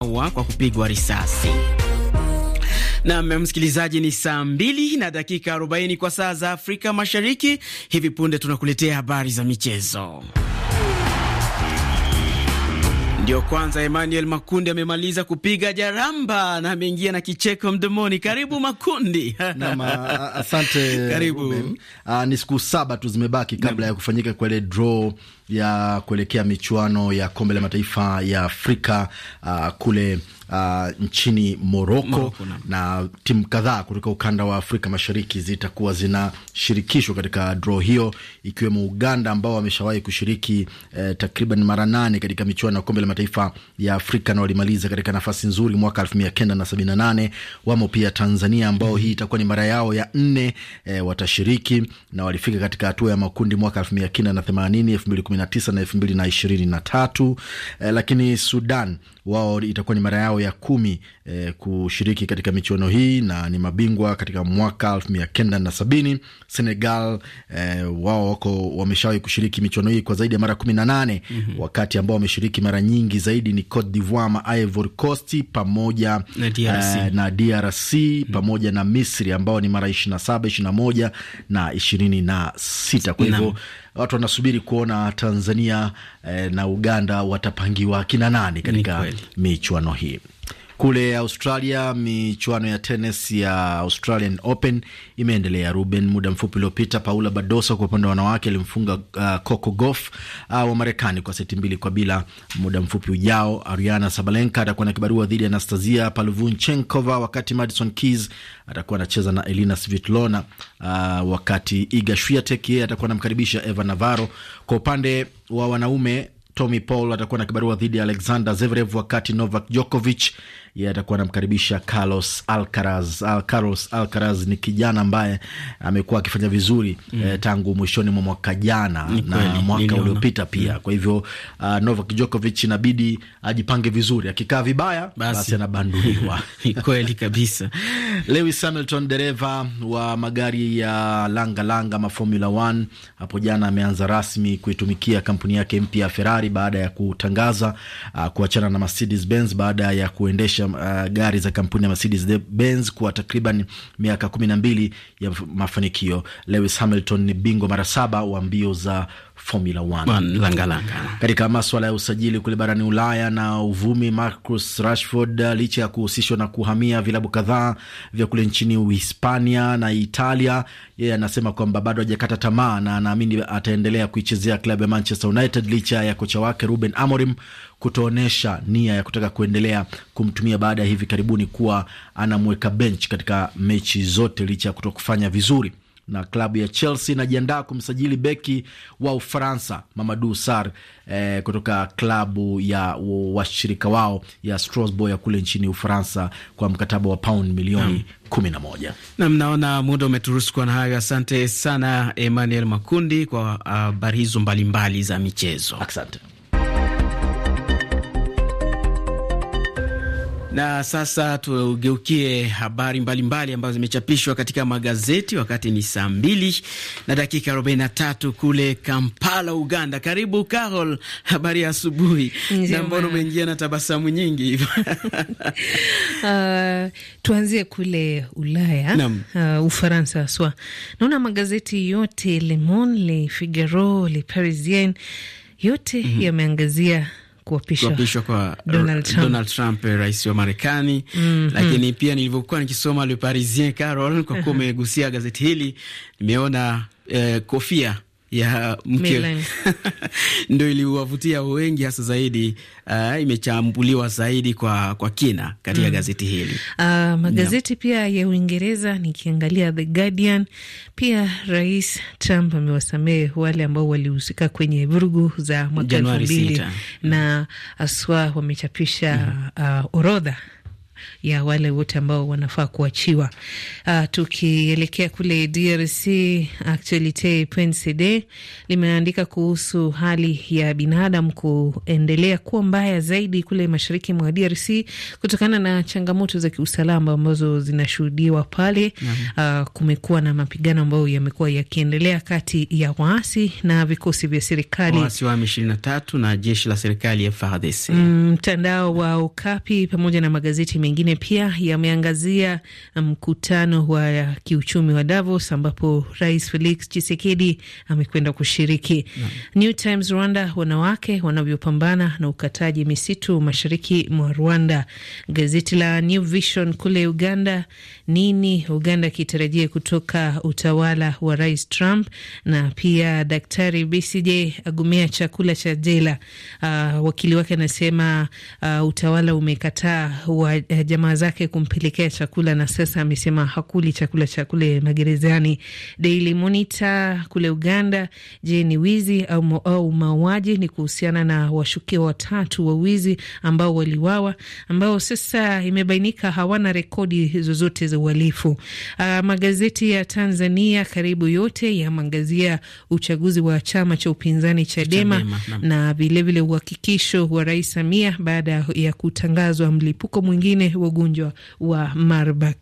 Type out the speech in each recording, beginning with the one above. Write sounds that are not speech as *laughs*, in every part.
wa kwa kupigwa risasi. Nam msikilizaji, ni saa mbili na dakika 40 kwa saa za Afrika Mashariki. Hivi punde tunakuletea habari za michezo. Ndio kwanza Emmanuel Makundi amemaliza kupiga jaramba na ameingia na kicheko mdomoni. Karibu Makundi. *laughs* Naam, asante. Karibu. Ni siku saba tu zimebaki kabla Nama ya kufanyika kwa ile draw ya kuelekea michuano ya kombe la mataifa ya Afrika uh, kule uh, nchini Moroko na timu kadhaa kutoka ukanda wa Afrika Mashariki zitakuwa zinashirikishwa katika draw hiyo, ikiwemo Uganda ambao wameshawahi kushiriki eh, takriban mara nane katika michuano ya kombe la mataifa ya Afrika na walimaliza katika nafasi nzuri mwaka elfu mia kenda na sabini na nane. Wamo pia Tanzania ambao hii itakuwa ni mara yao ya nne eh, watashiriki na walifika katika hatua ya makundi mwaka elfu mia kenda na themanini, elfu mbili kumi na tisa na elfu mbili na ishirini na tatu. Eh, lakini Sudan wao itakuwa ni mara yao yao ya kumi eh, kushiriki katika michuano hii na ni mabingwa katika mwaka elfu mia kenda na sabini. Senegal eh, wao wako wameshawahi kushiriki michuano hii kwa zaidi ya mara kumi na nane mm -hmm. wakati ambao wameshiriki mara nyingi zaidi ni Cote d'Ivoire ama Ivory Coast pamoja na DRC, eh, na DRC mm -hmm. pamoja na Misri ambao ni mara ishirini na saba ishirini na moja na ishirini na sita kwa hivyo watu wanasubiri kuona Tanzania eh, na Uganda watapangiwa kina nani katika michuano hii. Kule Australia, michuano ya tenis ya Australian Open imeendelea Ruben. Muda mfupi uliopita, Paula Badosa kwa upande wa wanawake alimfunga uh, Coco Gauff uh, wa Marekani kwa seti mbili kwa bila. Muda mfupi ujao, Ariana Sabalenka atakuwa na kibarua dhidi ya Anastasia Paluvuchenkova, wakati Madison Keys atakuwa anacheza na Elina Svitlona, uh, wakati Iga Swiatek yeye atakuwa anamkaribisha Eva Navarro. Kwa upande wa wanaume Tommy Paul atakuwa na kibarua dhidi ya Alexander Zverev, wakati Novak Djokovic yeye atakuwa anamkaribisha Carlos Alcaraz. Al, Carlos Alcaraz ni kijana ambaye amekuwa akifanya vizuri mm. eh, tangu mwishoni mwa mwaka jana na mwaka uliopita pia mm. kwa hivyo uh, Novak Djokovic inabidi ajipange vizuri, akikaa vibaya basi basi anabanduliwa. *laughs* Kweli kabisa. *laughs* Lewis Hamilton dereva wa magari ya langa langa ma Formula 1 hapo jana ameanza rasmi kuitumikia kampuni yake mpya ya Ferrari baada ya kutangaza uh, kuachana na Mercedes Benz baada ya kuendesha uh, gari za kampuni ya Mercedes Benz kwa takriban miaka kumi na mbili ya mafanikio. Lewis Hamilton ni bingwa mara saba wa mbio za Formula 1 Katika maswala ya usajili kule barani Ulaya na uvumi, Marcus Rashford uh, licha ya kuhusishwa na kuhamia vilabu kadhaa vya kule nchini Uhispania na Italia, yeye anasema kwamba bado hajakata tamaa na anaamini ataendelea kuichezea klabu ya Manchester United licha ya kocha wake Ruben Amorim kutoonyesha nia ya kutaka kuendelea kumtumia baada ya hivi karibuni kuwa anamweka bench katika mechi zote licha ya kutokufanya vizuri na klabu ya Chelsea inajiandaa kumsajili beki wa Ufaransa Mamadou sar eh, kutoka klabu ya washirika wao ya Strasbourg ya kule nchini Ufaransa kwa mkataba wa pound milioni kumi na moja. Nam, naona muda umeturuhusu kwa na hayo. Asante sana Emmanuel Makundi kwa ah, habari uh, hizo mbalimbali za michezo. Asante. Na sasa tugeukie habari mbalimbali mbali ambazo zimechapishwa katika magazeti. Wakati ni saa mbili na dakika 43 kule Kampala, Uganda. Karibu Carol, habari ya asubuhi. Na mbona umeingia na tabasamu nyingi hivyo? *laughs* Uh, tuanzie kule Ulaya, uh, Ufaransa haswa. Naona magazeti yote Le Monde, Le Figaro, Le Parisien yote mm -hmm. yameangazia kuapishwa kwa uh, Donald Trump, Donald Trump eh, rais wa Marekani mm -hmm. Lakini pia nilivyokuwa nikisoma Le Parisien Carol, kwa kuwa *laughs* umegusia gazeti hili, nimeona eh, kofia ya mke *laughs* ndio iliwavutia wengi hasa zaidi. Uh, imechambuliwa zaidi kwa, kwa kina katika mm. gazeti hili uh, magazeti no. pia ya Uingereza nikiangalia The Guardian. Pia Rais Trump amewasamehe wale ambao walihusika kwenye vurugu za mwaka elfu mbili na aswa wamechapisha mm. uh, orodha ya wale wote ambao wanafaa kuachiwa. Uh, tukielekea kule DRC, Actualite PNCD limeandika kuhusu hali ya binadamu kuendelea kuwa mbaya zaidi kule mashariki mwa DRC kutokana na changamoto za kiusalama ambazo zinashuhudiwa pale. Uh, kumekuwa na mapigano ambayo yamekuwa yakiendelea kati ya waasi na vikosi vya serikali, waasi wa M23 na jeshi la serikali FARDC. Mm, mtandao mm, wa Ukapi pamoja na magazeti mengine pia yameangazia mkutano wa kiuchumi wa Davos ambapo Rais Felix Chisekedi amekwenda kushiriki. No. New Times Rwanda, wanawake wanavyopambana na ukataji misitu mashariki mwa Rwanda. Gazeti la New Vision kule Uganda, nini Uganda kitarajia kutoka utawala wa Rais Trump, na pia Daktari BCJ agumia chakula cha jela. Uh, wakili wake anasema uh, utawala umekataa wa uh, jamaa zake kumpelekea chakula na sasa amesema hakuli chakula cha kule magerezani. Daily Monitor kule Uganda, je, ni wizi au, au mauaji? Ni kuhusiana na washukiwa watatu wa wizi ambao waliwawa, ambao sasa imebainika hawana rekodi zozote za uhalifu. Uh, magazeti ya Tanzania karibu yote yamangazia uchaguzi wa chama cha upinzani Chadema, Chadema na vilevile uhakikisho wa Rais Samia baada ya kutangazwa mlipuko mwingine wa wa ugonjwa wa Marburg.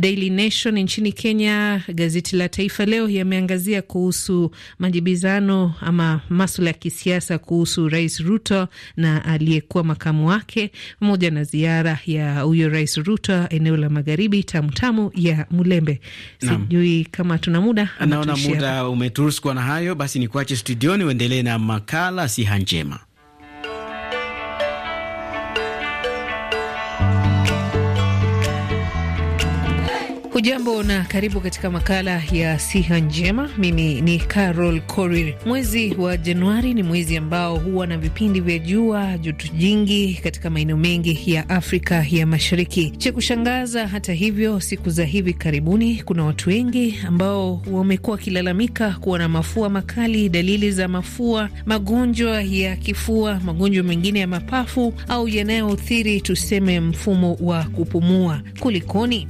Daily Nation nchini Kenya, gazeti la Taifa Leo yameangazia kuhusu majibizano ama maswala ya kisiasa kuhusu Rais Ruto na aliyekuwa makamu wake pamoja na ziara ya huyo Rais Ruto eneo la magharibi tamtamu ya Mulembe. Sijui kama tuna muda, naona muda umeturuhusu. na hayo basi, ni kuache studioni, uendelee na makala siha njema. Hujambo na karibu katika makala ya siha njema. Mimi ni Carol Korir. Mwezi wa Januari ni mwezi ambao huwa na vipindi vya jua joto jingi katika maeneo mengi ya Afrika ya Mashariki. Cha kushangaza hata hivyo, siku za hivi karibuni, kuna watu wengi ambao wamekuwa wakilalamika kuwa na mafua makali, dalili za mafua, magonjwa ya kifua, magonjwa mengine ya mapafu au yanayoathiri tuseme mfumo wa kupumua. Kulikoni?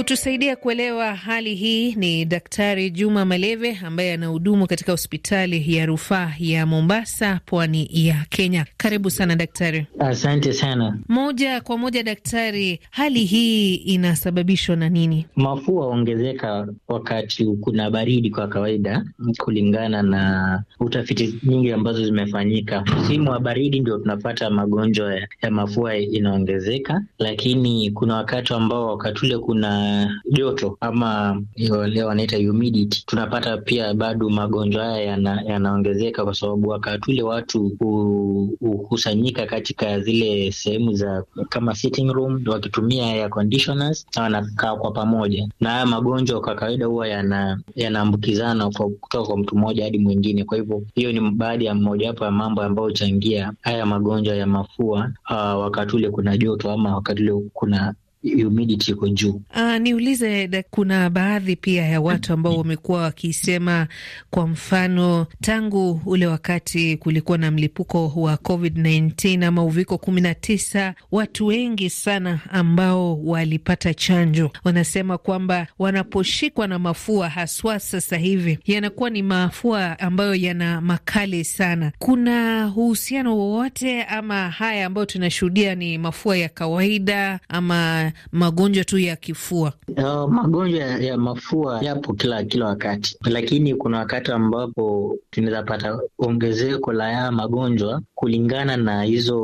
Kutusaidia kuelewa hali hii ni Daktari Juma Maleve ambaye anahudumu katika hospitali ya rufaa ya Mombasa, pwani ya Kenya. Karibu sana daktari. Asante sana. Moja kwa moja daktari, hali hii inasababishwa na nini? Mafua huongezeka wakati kuna baridi kwa kawaida, kulingana na utafiti nyingi ambazo zimefanyika. Msimu wa baridi ndio tunapata magonjwa ya mafua inaongezeka, lakini kuna wakati ambao wakati ule kuna joto ama leo wanaita humidity, tunapata pia bado magonjwa haya yanaongezeka, kwa sababu wakati ule watu hukusanyika katika zile sehemu za kama sitting room, wakitumia air conditioners na wanakaa kwa pamoja, na haya magonjwa kwa kawaida huwa yanaambukizana yana kutoka kwa mtu mmoja hadi mwingine. Kwa hivyo hiyo ni baadhi ya mmojawapo ya mambo ambayo huchangia haya magonjwa ya mafua uh, wakati ule kuna joto ama wakati ule kuna humidity iko juu. Uh, niulize, kuna baadhi pia ya watu ambao wamekuwa wakisema, kwa mfano, tangu ule wakati kulikuwa na mlipuko wa COVID-19 ama uviko kumi na tisa, watu wengi sana ambao walipata chanjo wanasema kwamba wanaposhikwa na mafua haswa sasa hivi yanakuwa ni mafua ambayo yana makali sana. Kuna uhusiano wowote ama haya ambayo tunashuhudia ni mafua ya kawaida ama magonjwa tu ya kifua? Uh, magonjwa ya mafua yapo kila kila wakati, lakini kuna wakati ambapo tunaweza pata ongezeko la haya magonjwa kulingana na hizo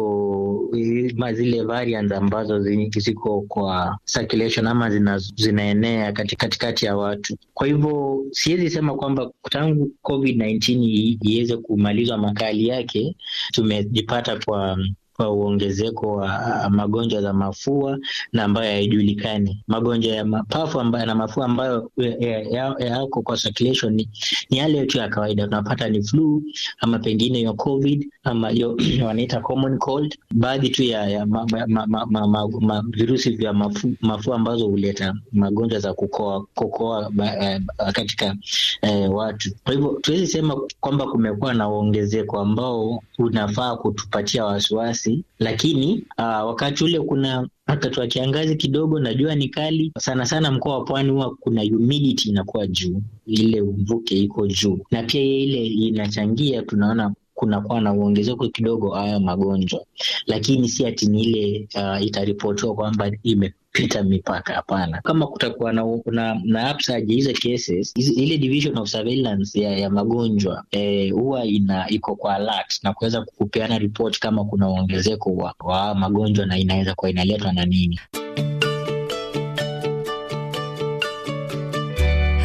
zile variants ambazo ziko kwa circulation ama zina, zinaenea katikati kati ya watu. Kwa hivyo siwezi sema kwamba tangu COVID-19 iweze kumalizwa makali yake tumejipata kwa kwa uongezeko wa magonjwa za mafua na ambayo hayajulikani. Magonjwa ya mapafu na mafua ambayo e, e, yako kwa circulation ni, ni yale tu ya kawaida tunapata ni flu ama pengine yo covid ama yo, *clears throat* wanaita common cold, baadhi tu ya, ya ma, ma, ma, ma, ma, ma, virusi vya mafua mafu ambazo huleta magonjwa za kukoa, kukoa e, katika eh, watu. Kwa hivyo tuwezi sema kwamba kumekuwa na uongezeko ambao unafaa kutupatia wasiwasi kiasi, lakini uh, wakati ule kuna wakati wa kiangazi kidogo na jua ni kali sana sana. Mkoa wa Pwani huwa kuna humidity inakuwa juu, ile mvuke iko juu, na pia ile inachangia tunaona kunakuwa na uongezeko kidogo hayo magonjwa, lakini si ati ni ile uh, itaripotiwa kwamba ime kupita mipaka, hapana. Kama kutakuwa na, na, na upsurge hizo cases, ile division of surveillance ya, ya magonjwa eh, huwa eh, ina iko kwa alert na kuweza kupeana ripoti kama kuna uongezeko wa, wa magonjwa na inaweza kuwa inaletwa na nini.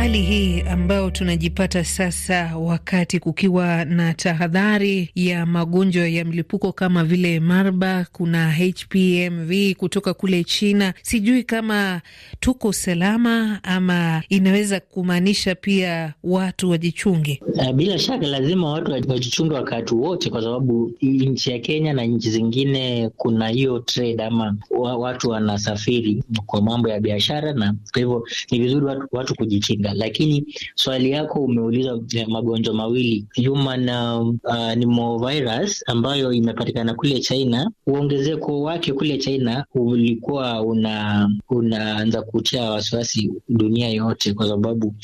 Hali hii ambayo tunajipata sasa, wakati kukiwa na tahadhari ya magonjwa ya mlipuko kama vile marba kuna HPMV kutoka kule China, sijui kama tuko salama ama inaweza kumaanisha pia watu wajichunge. Eh, bila shaka lazima watu wajichunge wakati wote, kwa sababu nchi ya Kenya na nchi zingine kuna hiyo trade ama watu wanasafiri kwa mambo ya biashara, na kwa hivyo ni vizuri watu, watu kujichinga chakula. Lakini swali yako umeuliza magonjwa mawili human uh, pneumovirus uh, ambayo imepatikana kule China. Uongezeko wake kule China ulikuwa una unaanza kutia wasiwasi dunia yote, kwa sababu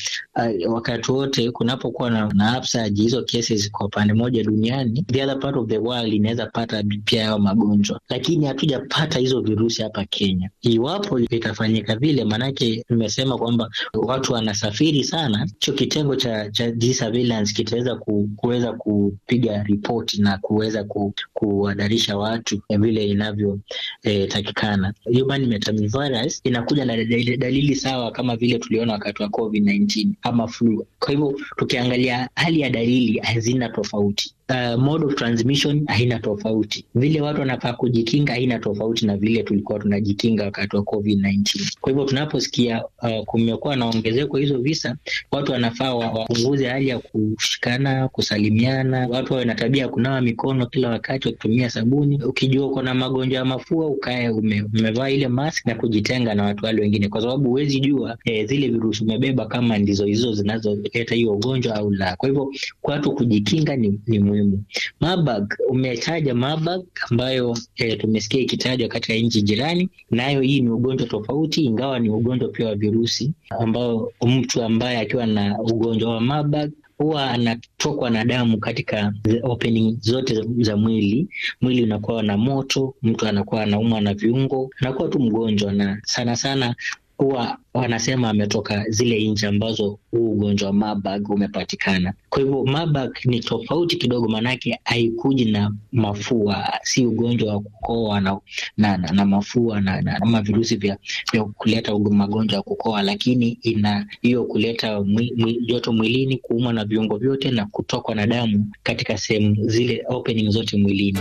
uh, wakati wote kunapokuwa na, na upsurge hizo cases kwa pande moja duniani, the other part of the world inaweza pata pia hayo magonjwa, lakini hatujapata hizo virusi hapa Kenya. Iwapo itafanyika vile, maanake imesema kwamba watu wanasafiri kusafiri sana, hicho kitengo cha, cha surveillance kitaweza ku, kuweza kupiga ripoti na kuweza ku, kuhadarisha watu vile inavyotakikana. Eh, e, human metapneumovirus inakuja na dalili sawa kama vile tuliona wakati wa COVID-19 ama flu. Kwa hivyo tukiangalia hali ya dalili hazina tofauti uh, mode of transmission haina tofauti. Vile watu wanafaa kujikinga haina tofauti na vile tulikuwa tunajikinga wakati wa COVID-19. Kwa hivyo tunaposikia uh, kumekuwa na ongezeko hizo visa, watu wanafaa wapunguze wa hali ya kushikana, kusalimiana, watu wawe na tabia ya kunawa mikono kila wakati wakitumia sabuni. Ukijua uko na magonjwa ya mafua, ukae ume, umevaa ile mask na kujitenga na watu wale wengine, kwa sababu huwezi jua eh, zile virusi umebeba kama ndizo hizo zinazoleta hiyo ugonjwa au la. Kwa hivyo watu kujikinga ni, ni muhimu. Marburg, umetaja Marburg ambayo eh, tumesikia ikitajwa katika nchi jirani, nayo hii ni ugonjwa tofauti, ingawa ni ugonjwa pia wa virusi ambao mtu ambaye akiwa na ugonjwa wa Marburg huwa anatokwa na damu katika opening zote za mwili. Mwili unakuwa na moto, mtu anakuwa anaumwa na viungo, anakuwa tu mgonjwa, na sana sana huwa wanasema ametoka zile nchi ambazo huu ugonjwa wa Marburg umepatikana. Kwa hivyo Marburg ni tofauti kidogo, maanake haikuji na mafua, si ugonjwa wa kukoa na, na, na, na mafua na, na, ama virusi vya, vya kuleta magonjwa ya kukoa, lakini ina hiyo kuleta mwi, mwi, joto mwilini, kuuma na viungo vyote na kutokwa na damu katika sehemu zile opening zote mwilini.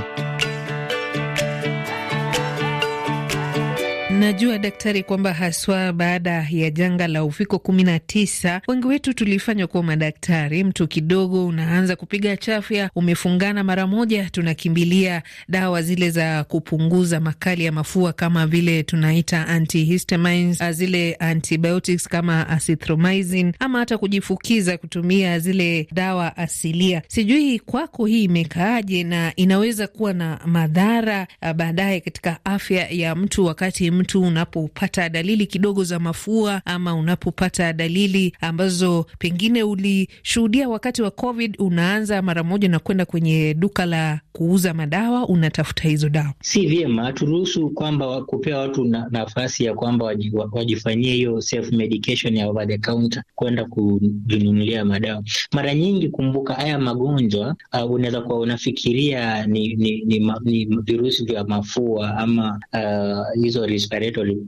Najua daktari, kwamba haswa baada ya janga la uviko kumi na tisa wengi wetu tulifanywa kuwa madaktari. Mtu kidogo unaanza kupiga chafya, umefungana, mara moja tunakimbilia dawa zile za kupunguza makali ya mafua kama vile tunaita antihistamines, zile antibiotics kama azithromycin, ama hata kujifukiza kutumia zile dawa asilia. Sijui kwako hii imekaaje na inaweza kuwa na madhara baadaye katika afya ya mtu wakati mtu mtu unapopata dalili kidogo za mafua ama unapopata dalili ambazo pengine ulishuhudia wakati wa COVID, unaanza mara moja na kwenda kwenye duka la kuuza madawa, unatafuta hizo dawa. Si vyema, turuhusu kwamba kupea watu na, nafasi ya kwamba wajifanyie hiyo self medication ya over the counter kwenda kujinunulia madawa. Mara nyingi, kumbuka haya magonjwa uh, unaweza kuwa unafikiria ni, ni, ni, ni, ni virusi vya mafua ama uh, hizo uh,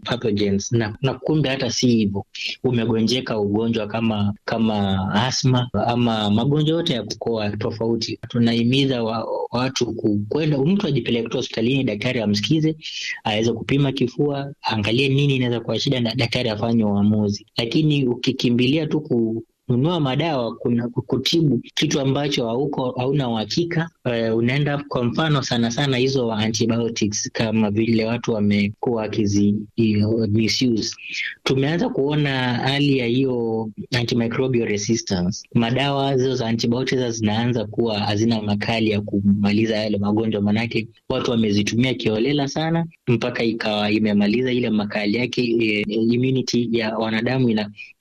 pathogens na, na kumbe hata si hivyo. Umegonjeka ugonjwa kama kama asma ama magonjwa yote ya kukoa tofauti. Tunahimiza wa, watu kwenda, mtu ajipeleke tu hospitalini, daktari amsikize, aweze kupima kifua, aangalie nini inaweza kuwa shida, na daktari afanye uamuzi. Lakini ukikimbilia tu ku kununua madawa kuna kutibu kitu ambacho hauko hauna uhakika. Uh, unaenda kwa mfano sana sana hizo antibiotics kama vile watu wamekuwa wakizi eh, misuse. Tumeanza kuona hali ya hiyo antimicrobial resistance, madawa hizo za antibiotics zinaanza kuwa hazina makali ya kumaliza yale magonjwa, manake watu wamezitumia kiolela sana mpaka ikawa imemaliza ile makali yake. E, immunity ya wanadamu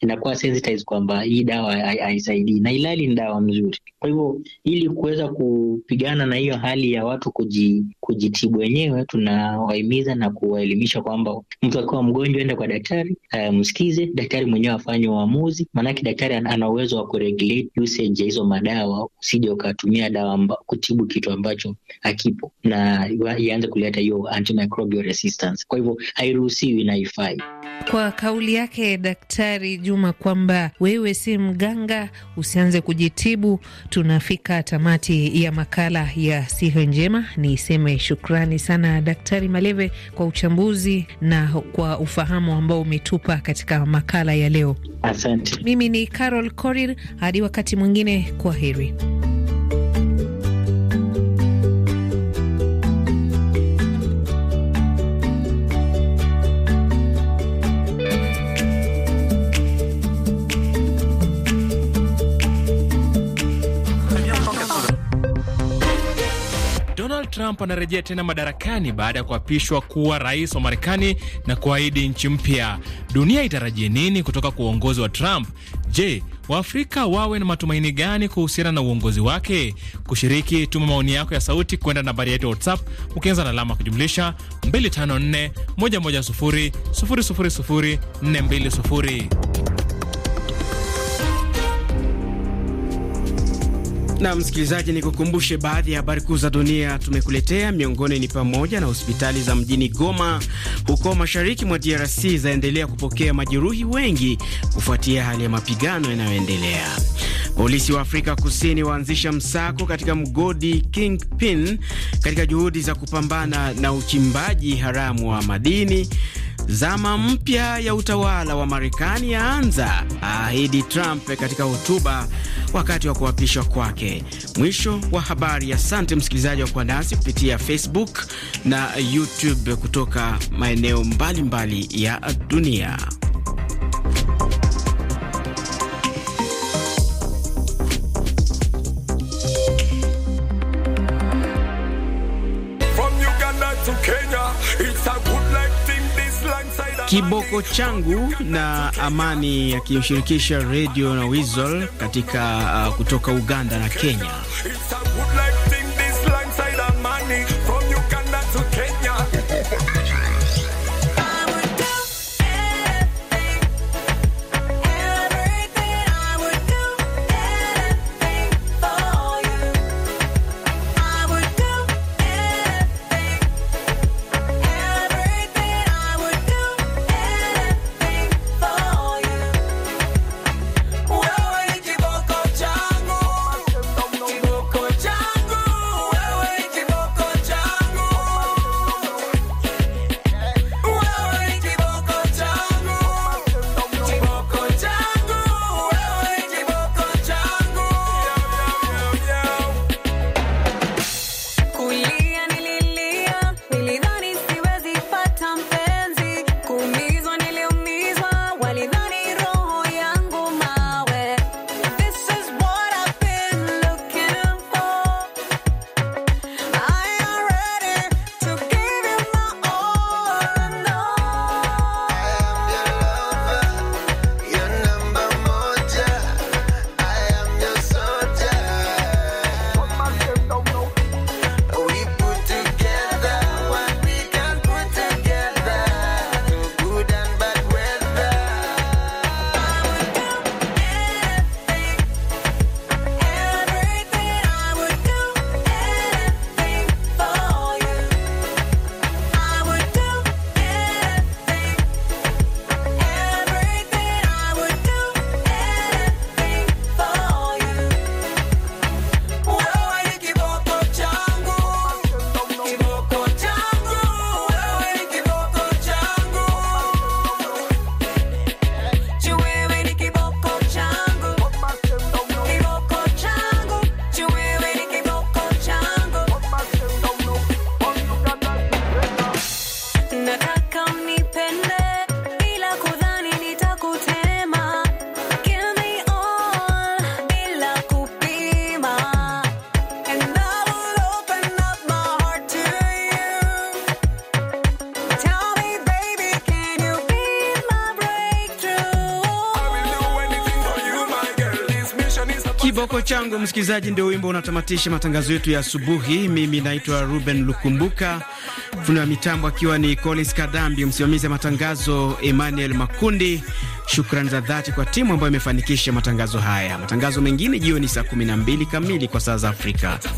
inakuwa ina sensitized kwamba hii dawa haisaidii, na ilali ni dawa mzuri. Kwa hivyo ili kuweza kupigana na hiyo hali ya watu kuji, kujitibu wenyewe, tunawahimiza na kuwaelimisha kwamba mtu akiwa mgonjwa enda kwa daktari, uh, msikize daktari mwenyewe afanye uamuzi, maanake daktari ana uwezo wa kuregulate usage ya hizo madawa, usije ukatumia dawa mba, kutibu kitu ambacho akipo na ianze kuleta hiyo antimicrobial resistance. Kwa hivyo hairuhusiwi na haifai. Kwa kauli yake Daktari Juma kwamba wewe si mganga, usianze kujitibu. Tunafika tamati ya makala ya siha njema. Niseme shukrani sana Daktari Maleve kwa uchambuzi na kwa ufahamu ambao umetupa katika makala ya leo. Asante. Mimi ni Carol Korir, hadi wakati mwingine, kwa heri. Trump anarejea tena madarakani baada ya kuapishwa kuwa rais wa Marekani na kuahidi nchi mpya. Dunia itarajie nini kutoka kwa uongozi wa Trump? Je, Waafrika wawe na matumaini gani kuhusiana na uongozi wake? Kushiriki, tuma maoni yako ya sauti kwenda nambari yetu ya WhatsApp ukianza na alama kujumlisha 254 110 000 420. Na msikilizaji, ni kukumbushe baadhi ya habari kuu za dunia tumekuletea. Miongoni ni pamoja na hospitali za mjini Goma huko mashariki mwa DRC zaendelea kupokea majeruhi wengi kufuatia hali ya mapigano yanayoendelea. Polisi wa Afrika Kusini waanzisha msako katika mgodi Kingpin katika juhudi za kupambana na uchimbaji haramu wa madini. Zama mpya ya utawala wa Marekani yaanza, aahidi Trump katika hotuba wakati wa kuapishwa kwake. Mwisho wa habari. Asante msikilizaji wa kuwa nasi kupitia Facebook na YouTube kutoka maeneo mbalimbali mbali ya dunia. Kiboko changu na Amani yakimshirikisha Radio na wizol katika uh, kutoka Uganda na Kenya. changu msikilizaji, ndio wimbo unatamatisha matangazo yetu ya asubuhi. Mimi naitwa Ruben Lukumbuka, fundi wa mitambo akiwa ni Collins Kadhambi, msimamizi wa matangazo Emmanuel Makundi. Shukrani za dhati kwa timu ambayo imefanikisha matangazo haya. Matangazo mengine jioni saa 12 kamili kwa saa za Afrika.